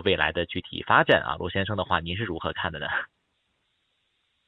未來的具體發展啊，羅先生的話，您是如何看的呢？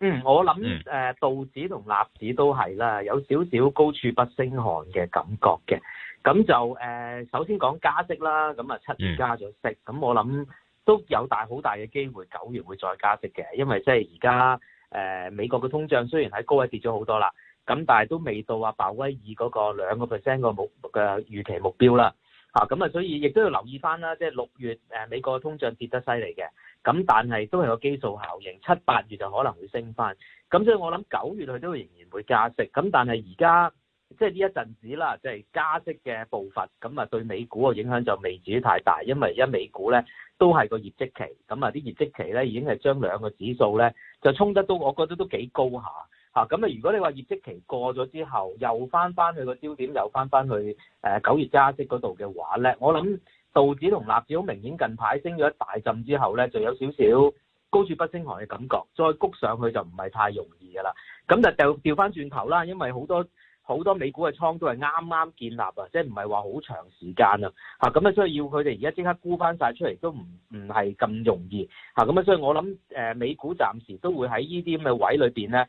嗯，我諗誒、呃，道指同納指都係啦，有少少高處不勝寒嘅感覺嘅。咁就誒、呃，首先講加息啦，咁啊七月加咗息，咁、嗯、我諗都有大好大嘅機會九月會再加息嘅，因為即係而家誒美國嘅通脹雖然喺高位跌咗好多啦，咁但係都未到話鮑威爾嗰個兩個 percent 個目嘅預期目標啦。咁、哦、啊，所以亦都要留意翻啦，即係六月美國通脹跌得犀利嘅，咁但係都係個基數效應，七八月就可能會升翻，咁所以我諗九月佢都仍然會加息，咁但係而家即係呢一陣子啦，即係加息嘅步伐，咁啊對美股嘅影響就未至於太大，因為而家美股咧都係個業績期，咁啊啲業績期咧已經係將兩個指數咧就衝得都，我覺得都幾高下。嚇咁啊！如果你話業績期過咗之後，又翻翻去個焦點，又翻翻去誒九月加息嗰度嘅話咧，我諗道指同納指好明顯近排升咗一大浸之後咧，就有少少高處不勝寒嘅感覺，再谷上去就唔係太容易㗎啦。咁就掉返翻轉頭啦，因為好多好多美股嘅倉都係啱啱建立啊，即係唔係話好長時間啊嚇。咁啊，所以要佢哋而家即刻沽翻晒出嚟都唔唔係咁容易嚇。咁啊，所以我諗誒美股暫時都會喺呢啲咁嘅位裏面咧。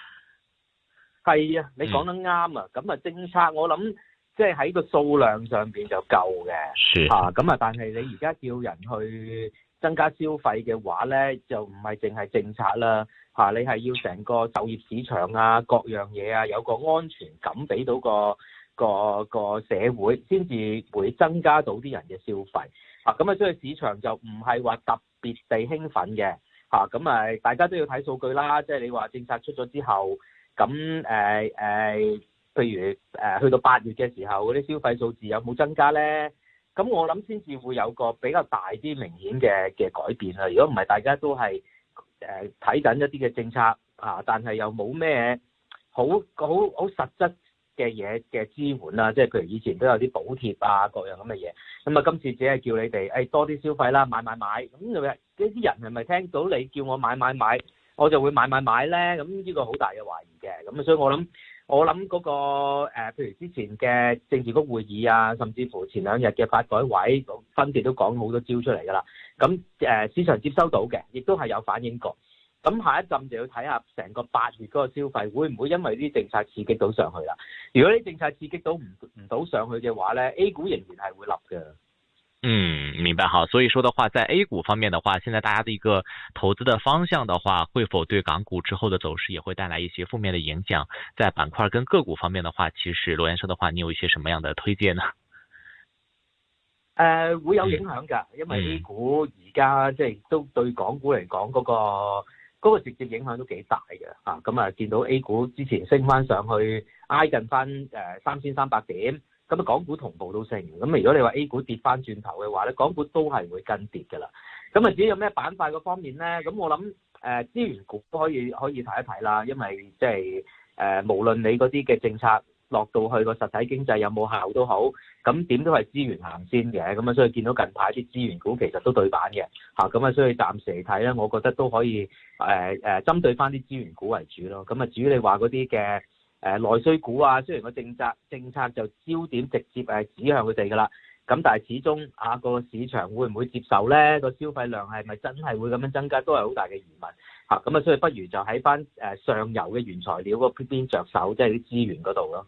係啊，你講得啱啊！咁、嗯、啊，政策我諗即係喺個數量上邊就夠嘅，咁啊。但係你而家叫人去增加消費嘅話咧，就唔係淨係政策啦、啊，你係要成個就業市場啊，各樣嘢啊，有個安全感俾到個個個社會，先至會增加到啲人嘅消費。咁啊，啊，所以市場就唔係話特別地興奮嘅，咁啊，啊，大家都要睇數據啦。即係你話政策出咗之後。咁誒誒，譬如誒，去到八月嘅時候，嗰啲消費數字有冇增加咧？咁我諗先至會有個比較大啲明顯嘅嘅改變啦。如果唔係，大家都係誒睇緊一啲嘅政策啊，但係又冇咩好好好實質嘅嘢嘅支援啦。即係譬如以前都有啲補貼啊，各樣咁嘅嘢。咁啊，今次只係叫你哋誒多啲消費啦，買買買。咁又係嗰啲人係咪聽到你叫我買買買，我就會買買買咧？咁呢個好大嘅懷疑。咁所以我諗，我諗嗰、那個譬如之前嘅政治局會議啊，甚至乎前兩日嘅發改委分別都講好多招出嚟㗎啦。咁誒、呃、市場接收到嘅，亦都係有反應過。咁下一浸就要睇下成個八月嗰個消費會唔會因為啲政策刺激到上去啦？如果啲政策刺激到唔唔到上去嘅話咧，A 股仍然係會立嘅。嗯，明白好，所以說的話，在 A 股方面的話，現在大家的一個投資的方向的話，會否對港股之後的走勢也會帶來一些負面的影響？在板塊跟個股方面的話，其實羅先生的話，你有一些什麼樣的推薦呢？誒、呃，會有影響㗎、嗯，因為 A 股而家、嗯、即係都對港股嚟講嗰、那個嗰、那個直接影響都幾大嘅，啊，咁、嗯、啊見到 A 股之前升翻上去挨近翻誒三千三百點。咁港股同步都升，咁如果你話 A 股跌翻轉頭嘅話咧，港股都係會跟跌噶啦。咁啊，至於有咩板塊嗰方面咧，咁我諗誒、呃、資源股都可以可以睇一睇啦，因為即係誒無論你嗰啲嘅政策落到去個實體經濟有冇效都好，咁點都係資源行先嘅，咁啊，所以見到近排啲資源股其實都對版嘅嚇，咁啊，所以暫時嚟睇咧，我覺得都可以誒誒、呃呃、針對翻啲資源股為主咯。咁啊，至於你話嗰啲嘅。誒內需股啊，雖然個政策政策就焦點直接誒指向佢哋㗎啦，咁但係始終啊個市場會唔會接受咧？個消費量係咪真係會咁樣增加，都係好大嘅疑問嚇。咁啊，所以不如就喺翻誒上游嘅原材料個邊着手，即係啲資源嗰度咯。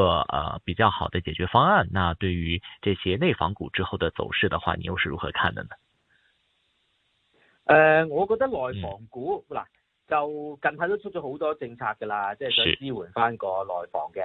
個比較好的解決方案，那對於這些內房股之後的走勢的話，你又是如何看的呢？誒、呃，我覺得內房股嗱、嗯、就近排都出咗好多政策噶啦，即、就、係、是、想支援返個內房嘅，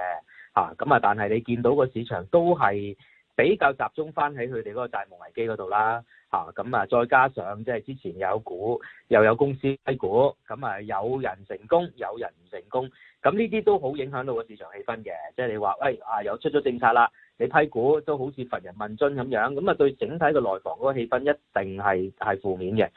吓咁啊，但係你見到個市場都係。比較集中翻喺佢哋嗰個債務危機嗰度啦，咁啊，再加上即係之前有股又有公司批股，咁啊有人成功，有人唔成功，咁呢啲都好影響到個市場氣氛嘅。即係你話，喂、哎、啊，又出咗政策啦，你批股都好似乏人問津咁樣，咁啊對整體嘅內房嗰個氣氛一定係係負面嘅，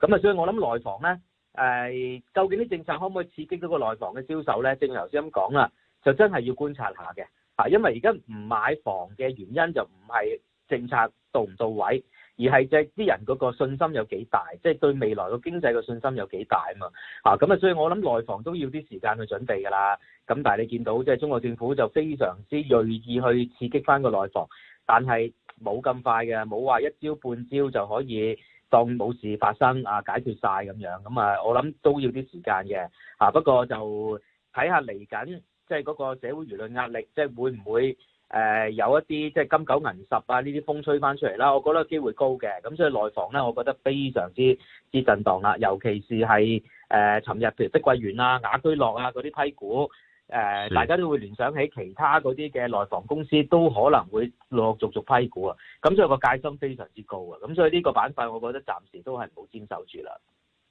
咁啊，所以我諗內房咧，誒究竟啲政策可唔可以刺激到個內房嘅銷售咧？正如頭先咁講啦，就真係要觀察下嘅。啊，因為而家唔買房嘅原因就唔係政策到唔到位，而係即係啲人嗰個信心有幾大，即係對未來個經濟個信心有幾大啊嘛。啊，咁啊，所以我諗內房都要啲時間去準備噶啦。咁但係你見到即係中國政府就非常之鋭意去刺激翻個內房，但係冇咁快嘅，冇話一朝半朝就可以當冇事發生啊，解決晒。咁樣。咁啊，我諗都要啲時間嘅。啊，不過就睇下嚟緊。即係嗰個社會輿論壓力，即、就、係、是、會唔會誒、呃、有一啲即係金九銀十啊？呢啲風吹翻出嚟啦，我覺得機會高嘅。咁所以內房咧，我覺得非常之之震盪啦，尤其是係誒尋日譬如碧桂園啊、雅居樂啊嗰啲批股，誒、呃、大家都會聯想起其他嗰啲嘅內房公司都可能會陸陸續續批股啊。咁所以個戒心非常之高啊。咁所以呢個板塊，我覺得暫時都係無堅守住啦。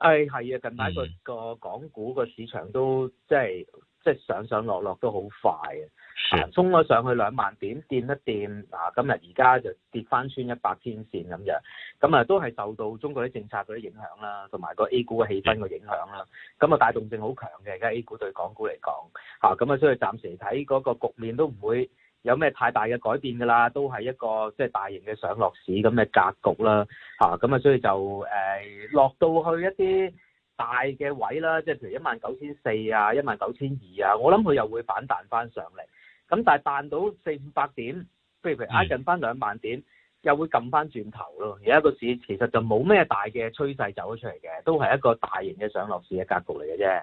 誒、哎，係啊，近排個、嗯、港股個市場都即係即係上上落落都好快啊，衝咗上去兩萬點，跌一跌，咁、啊、今日而家就跌翻穿一百天線咁樣，咁啊都係受到中國啲政策嗰啲影響啦，同埋個 A 股嘅氣氛嘅影響啦，咁啊帶動性好強嘅，而家 A 股對港股嚟講，吓咁啊，所以暫時睇嗰個局面都唔會。有咩太大嘅改變㗎啦？都係一個即係、就是、大型嘅上落市咁嘅格局啦，嚇咁啊！所以就誒、呃、落到去一啲大嘅位啦，即係譬如一萬九千四啊，一萬九千二啊，我諗佢又會反彈翻上嚟。咁但係彈到四五百點，譬如譬如挨近翻兩萬點，嗯、又會撳翻轉頭咯。而家個市其實就冇咩大嘅趨勢走咗出嚟嘅，都係一個大型嘅上落市嘅格局嚟嘅啫。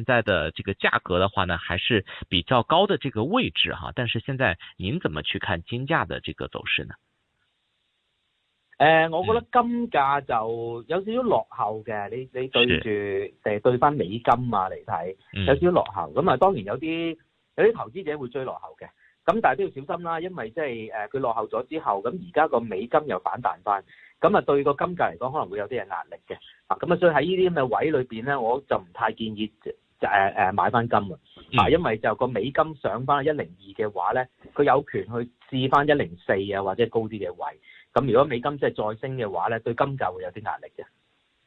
現在的這個價格的話呢，還是比較高的這個位置哈，啊。但是現在您怎麼去看金價的這個走勢呢？誒、呃，我覺得金價就有少少落後嘅，嗯。你你對住誒、呃、對翻美金啊嚟睇，有少少落後。咁、嗯、啊，當然有啲有啲投資者會追落後嘅。咁但係都要小心啦，因為即係誒佢落後咗之後，咁而家個美金又反彈翻，咁啊對個金價嚟講可能會有啲嘅壓力嘅。啊，咁啊所以喺呢啲咁嘅位裏邊呢，我就唔太建議。就誒誒買翻金啊，嗱，因為就個美金上翻一零二嘅話咧，佢有權去試翻一零四啊，或者高啲嘅位。咁如果美金即係再升嘅話咧，對金價會有啲壓力嘅。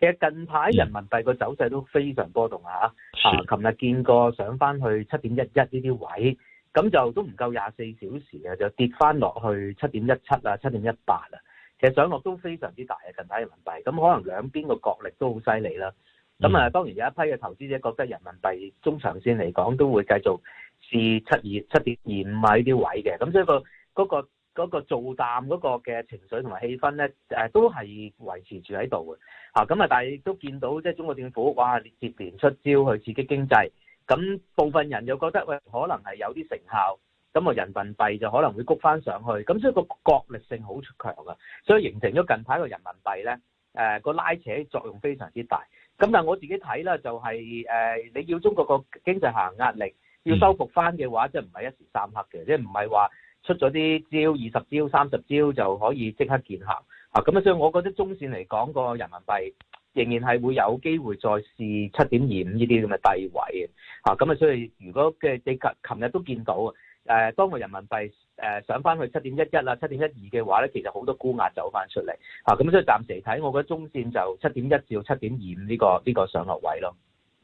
其實近排人民幣個走勢都非常波動啊！琴日、啊、見過上翻去七點一一呢啲位，咁就都唔夠廿四小時啊，就跌翻落去七點一七啊、七點一八啊。其實上落都非常之大嘅、啊、近排人民幣，咁可能兩邊個角力都好犀利啦。咁啊，當然有一批嘅投資者覺得人民幣中長線嚟講都會繼續試七二七點二五米啲位嘅，咁所以個嗰個。嗰個做淡嗰個嘅情緒同埋氣氛咧，誒都係維持住喺度嘅嚇。咁啊，但係亦都見到即係中國政府，哇，連接連出招去刺激經濟。咁部分人又覺得喂，可能係有啲成效。咁啊，人民幣就可能會谷翻上去。咁所以個角力性好強啊，所以形成咗近排個人民幣咧，誒個拉扯作用非常之大。咁但係我自己睇啦，就係誒你要中國個經濟下行壓力，要收復翻嘅話，即係唔係一時三刻嘅，即係唔係話。出咗啲招，二十招、三十招就可以即刻見效啊！咁啊，所以我覺得中線嚟講個人民幣仍然係會有機會再試七點二五呢啲咁嘅低位嘅啊！咁啊，所以如果嘅你琴琴日都見到啊，誒當個人民幣誒上翻去七點一一啦、七點一二嘅話咧，其實好多沽壓走翻出嚟啊！咁所以暫時睇，我覺得中線就七點一至到七點二五呢個呢個上落位咯。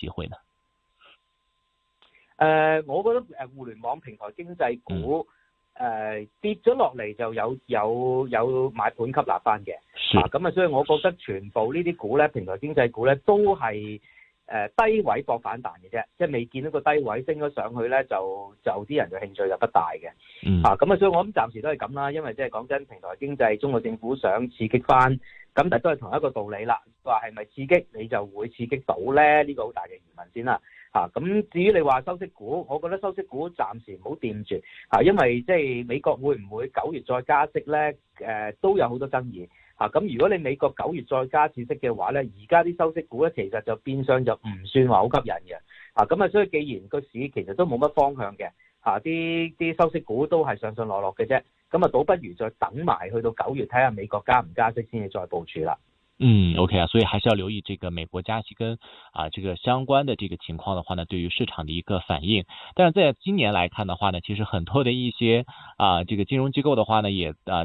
機會呢？誒，我覺得誒，互聯網平台經濟股誒、嗯呃、跌咗落嚟，就有有有買盤吸納翻嘅，嗱，咁啊，所以我覺得全部這些呢啲股咧，平台經濟股咧，都係。誒低位搏反彈嘅啫，即係未見到個低位升咗上去咧，就就啲人就興趣就不大嘅。咁、嗯、啊，所以我諗暫時都係咁啦，因為即係講真，平台經濟，中國政府想刺激返，咁但係都係同一個道理啦。話係咪刺激你就會刺激到咧？呢、這個好大嘅疑問先啦。咁、啊、至於你話收息股，我覺得收息股暫時唔好掂住嚇，因為即係美國會唔會九月再加息咧？誒、呃，都有好多爭議。啊咁，如果你美國九月再加次息嘅話呢，而家啲收息股呢，其實就變相就唔算話好吸引嘅。啊咁啊，所以既然個市其實都冇乜方向嘅，嚇啲啲收息股都係上上落落嘅啫。咁啊，倒不如再等埋去到九月睇下美國加唔加息先至再部署啦。嗯，OK 啊，所以還是要留意這個美國加息跟啊這個相關的這個情況的話呢，對於市場的一個反應。但是在今年來看的話呢，其實很多的一些啊這個金融機構的話呢，也啊。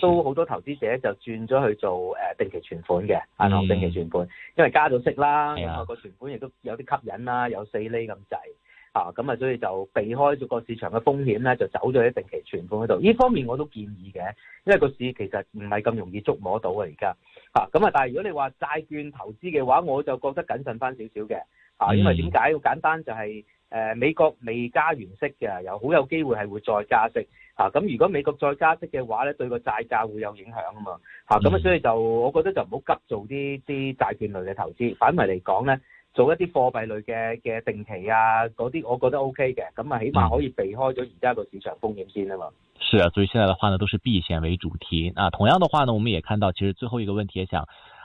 都好多投資者就轉咗去做定期存款嘅，銀行定期存款，嗯、因為加咗息啦，個存款亦都有啲吸引啦，有四厘咁滯，咁啊，所以就避開咗個市場嘅風險咧，就走咗喺定期存款嗰度。呢方面我都建議嘅，因為個市其實唔係咁容易捉摸到啊。而家，咁啊，但係如果你話債券投資嘅話，我就覺得謹慎返少少嘅，因為點解？簡單就係。誒、呃，美國未加完息嘅，又好有機會係會再加息，吓、啊、咁如果美國再加息嘅話咧，對個債價會有影響啊嘛，吓咁啊，所以就我覺得就唔好急做啲啲債券類嘅投資，反為嚟講咧，做一啲貨幣類嘅嘅定期啊，嗰啲我覺得 O K 嘅，咁啊起碼可以避開咗而家個市場風險先啊嘛。是啊，所以現在的話呢，都是避險為主題啊。同樣的話呢，我們也看到，其實最後一個問題，係想。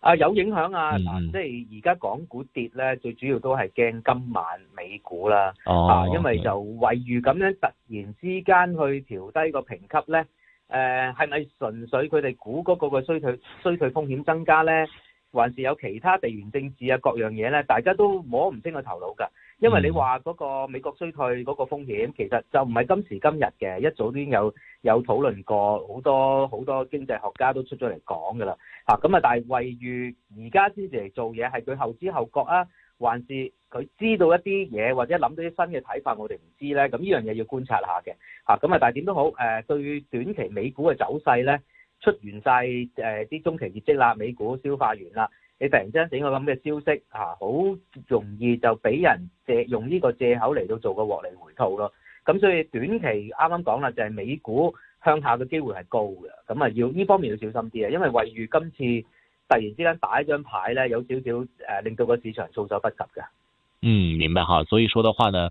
啊有影響啊，嗱，即係而家港股跌咧，最主要都係驚今晚美股啦，啊，因為就懷疑咁樣突然之間去調低個評級咧，誒，係咪純粹佢哋估嗰個個衰退衰退風險增加咧，還是有其他地緣政治啊各樣嘢咧，大家都摸唔清個頭腦㗎。因為你話嗰個美國衰退嗰個風險，其實就唔係今時今日嘅，一早已經有有討論過，好多好多經濟學家都出咗嚟講㗎啦。咁啊！但係位於而家先至嚟做嘢，係佢後知後覺啊，還是佢知道一啲嘢，或者諗到啲新嘅睇法，我哋唔知咧。咁呢樣嘢要觀察下嘅。咁啊！但係點都好，誒、呃、對於短期美股嘅走勢咧，出完晒誒啲中期業績啦，美股消化完啦。你突然之間整個咁嘅消息嚇，好容易就俾人借用呢個借口嚟到做個獲利回吐咯。咁所以短期啱啱講啦，就係美股向下嘅機會係高嘅，咁啊要呢方面要小心啲啊，因為惠譽今次突然之間打一張牌咧，有少少誒令到個市場措手不及嘅。嗯，明白哈，所以說的話呢。